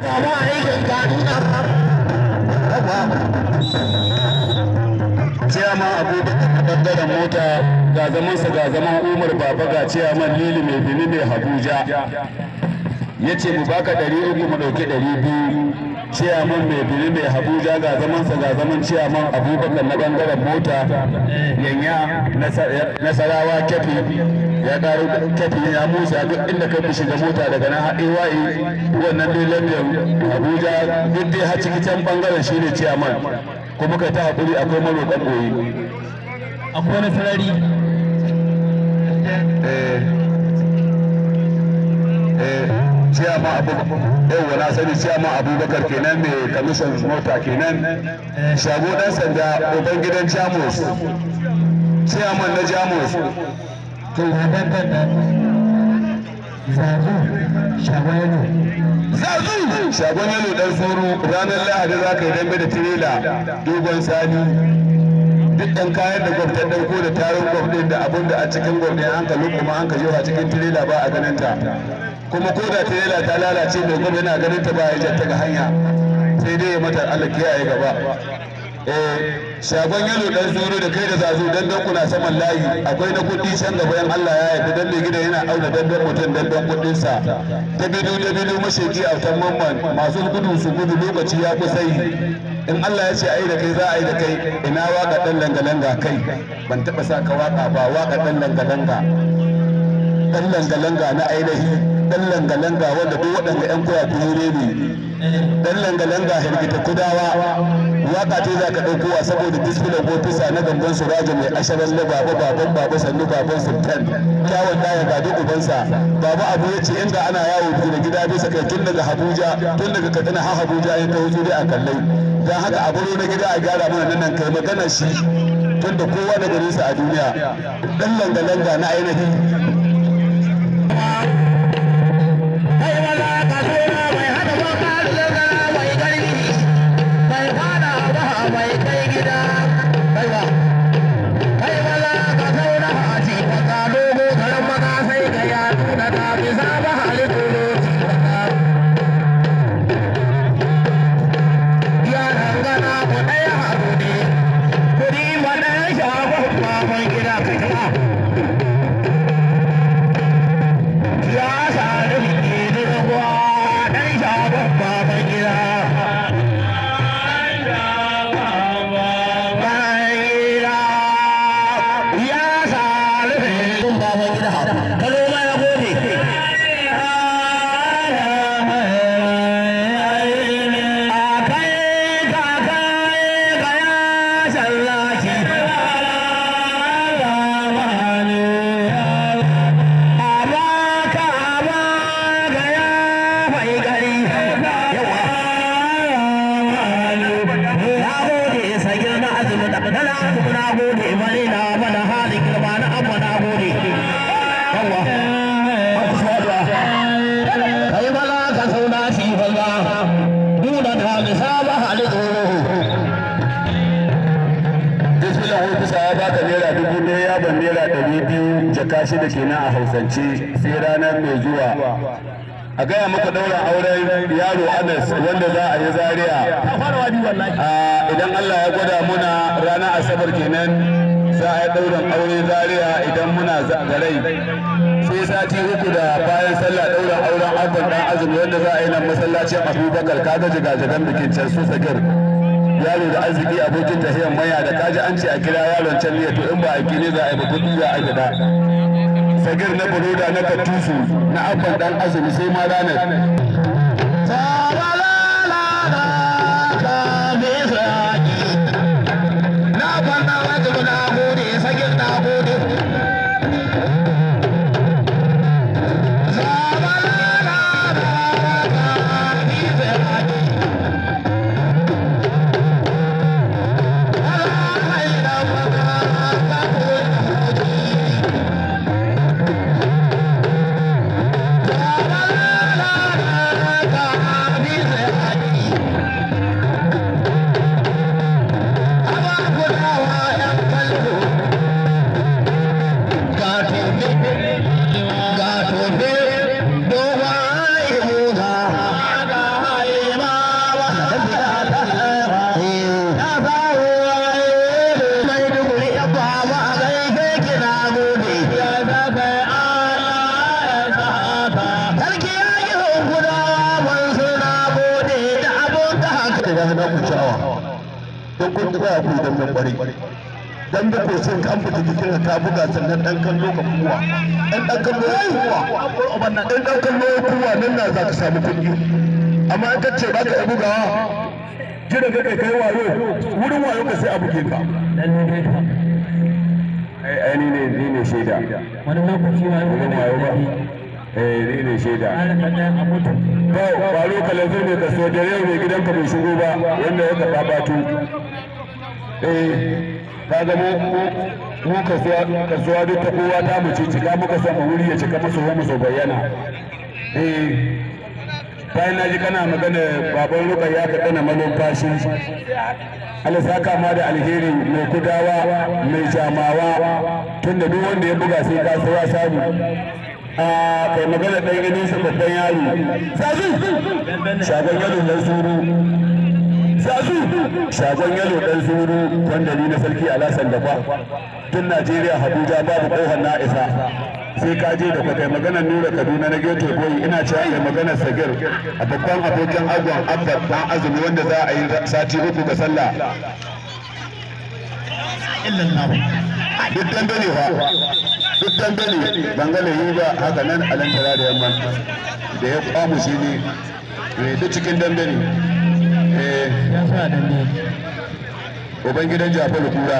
Mama aikin Ciyama Abubakar a ɓangaren mota ga zamansa ga zaman Umar Baba ga ciyaman Lili mai Bini mai Habuja. ya ce mu baka ɗari uku mu ɗauki ɗari biyu ciyaman mai biri mai habuja ga zamansa ga zaman ciyaman abubakar na bangaren mota yanya nasarawa kefi ya ƙaru kefi ya musa duk inda ka fi shiga mota daga nan haɗe wa'i wannan dai lambin abuja duk dai har cikin can bangaren shi ne ciyaman kuma ka ta haƙuri akwai maroƙan ɓoyi akwai wani sarari eh, ciyama abu yau na sani ciyama abubakar kenan mai kamishin mota kenan shago dan sanda uban gidan jamus ciyaman na jamus zazu zazu yalo dan tsoro ranar lahadi za ka yi dambe da tirela dogon sani duk ɗan kayan da gwamnati ta ko da tarin gwamnati da abin da a cikin gwamnati an ka kuma an ka jefa cikin tirela ba a ganin ta kuma ko da yi ta lalace mai gudu yana ganin ta ba ya ga hanya sai dai ya mata Allah kiyaye gaba eh shagon yalo dan zuru da kai da zazu dandan kuna saman layi akwai na kudi can gaba yan Allah ya yarda dan mai gida yana auna dandan mutum dandan kudin sa ta bidu da bidu a mamman masu gudu su gudu lokaci ya kusa yi in Allah ya ce ai da kai za a yi da kai ina waka dan langa-langa kai ban taba sa ka waka ba waka dan langa langa-langa na ainihi dan langa-langa wanda duk waɗanda 'yan kuwa turere ne dan langa-langa hirgita kudawa waka ce za ka wa saboda ko tisa na gangan raja mai asharar na baba baban babu sannu baban sultan kyawun daya duk ubansa baba abu ya ce inda ana yawo biyu da gida bisa kai tun daga habuja tun daga katsina har habuja ya ta hutu a kallai don haka a baro na gida a gyara mana nan kai magana shi tun da kowa da garinsa a duniya dan langa-langa na ainihin Yeah. badala abu na na bana hali girma na abu na kai ka zauna ta hali tsoro ya baka naira dubu ɗaya ya naira ɗari biyu jaka shida kenan a hausance sai ranar mai zuwa a gaya muku daura auren yaro anas wanda za a yi zaria idan allah ya gwada muna ranar asabar kenan za a yi daurin auren zaria idan muna zagarai sai sati uku da bayan sallah daura auren akwai dan azumi wanda za a yi nan masallacin abubakar kaga jigajigan bikin can su sagir yaro da arziki abokin tafiyan maya da kaji an ce a kira yaron can ne to in ba a kine za a yi ba kuɗi za a gida sagir na buroda na katufu na abban dan azumi sai ma ranar ko koya ku dan kwarai dan da ko sai kan fita jikin ka buga sannan dan kan ka kuwa dan dan kan ya kuwa dan dan kan ya kuwa nan na za ka samu kuɗi amma in ka ce ba ka bugawa jiran ka kai kai wayo wurin wayo ka sai a buge ka ai ni ne ni ne shaida wani lokaci wayo ne ba eh ni ne shaida to ba lokacin ne ka so da yau ne gidanka bai shigo ba wanda ya ka babatu eh kaga mu mu kasuwa duk ta kowa ta mu cika muka san wuri ya cika musu homo so bayyana eh bayan na ji kana magana baban ruka ya ka kana malumfashi Allah saka ma da alheri mai kudawa mai jamawa tunda duk wanda ya buga sai ka sai ya samu a kai magana ɗan ganin sa babban yaro shagon yaro na suru shagon yalo dan zuru ni na sarki alasan ba tun najeriya Habuja babu kohon na isa sai ka je da kwatai maganar nura kaduna na geto boyi ina cewa ya maganar sagir a babban abokin agwan abba dan azumi wanda za a yi sati uku ga sallah duk dandali fa duk dandali bangare yi ba haka nan alantara da yamma da ya kwamu shi ne eh, cikin dandali Eh, ya sa da jafaru kura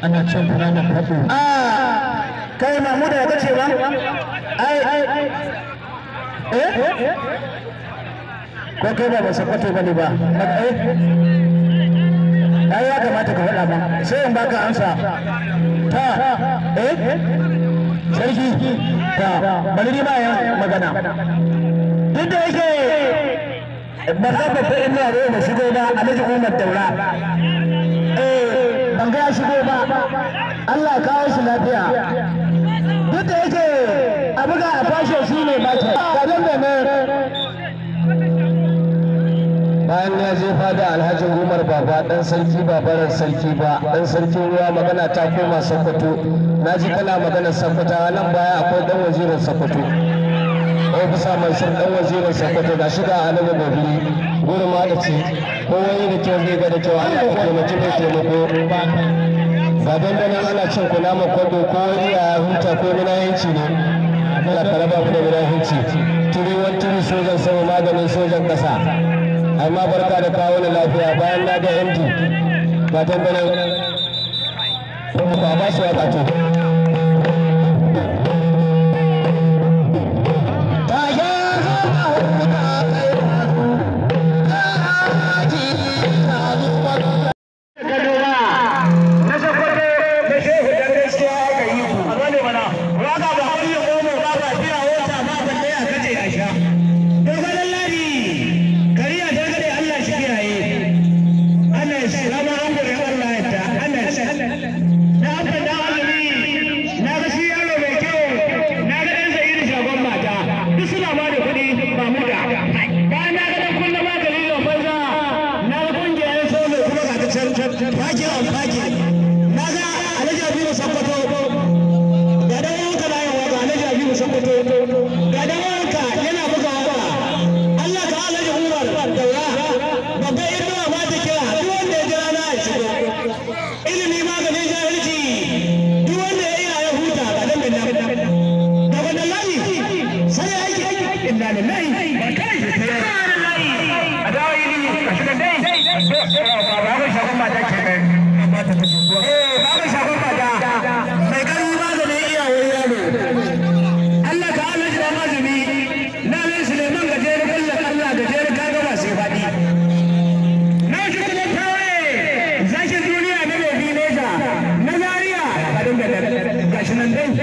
ana can fara da faɗo ah, kai muda ya ce ba ai ai eh ko kai ba ba sakwato bane ba eh ai ya kamata ka faɗa ba sai in baka amsa ta eh sarki ta bari ni ba ya magana duk da yake ban ga babban da yaro ya shigo ba alhaji umar daura eh ban ga ya shigo ba allah kawo shi lafiya duk da yake abu ga a fashe shi ne ba ta gaban da ne bayan ya je fada alhaji umar baba dan sarki ba baran sarki ba dan sarkin ruwa magana ta koma sokoto na ji tana magana sokoto nan baya akwai dan wazirin sokoto ofisa mansur dan wazirin Sakkwato ga shiga a nan gobiri gurin madaci kowa yi da kyau zai ga da kyau ana taimaki da taimako ba don ganin ana cin kula ma kwado ko iya hunta ko munayanci ne ana karaba ku da munayanci turi wani turi sojan sama maganin sojan kasa amma barka da kawo na lafiya bayan na ga md ba don ganin ba ba su wata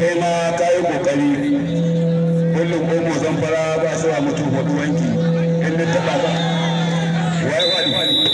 kai ma ka yi kokari kullum omo zamfara ba su wa mutum hudu wanki in ta ba wai wani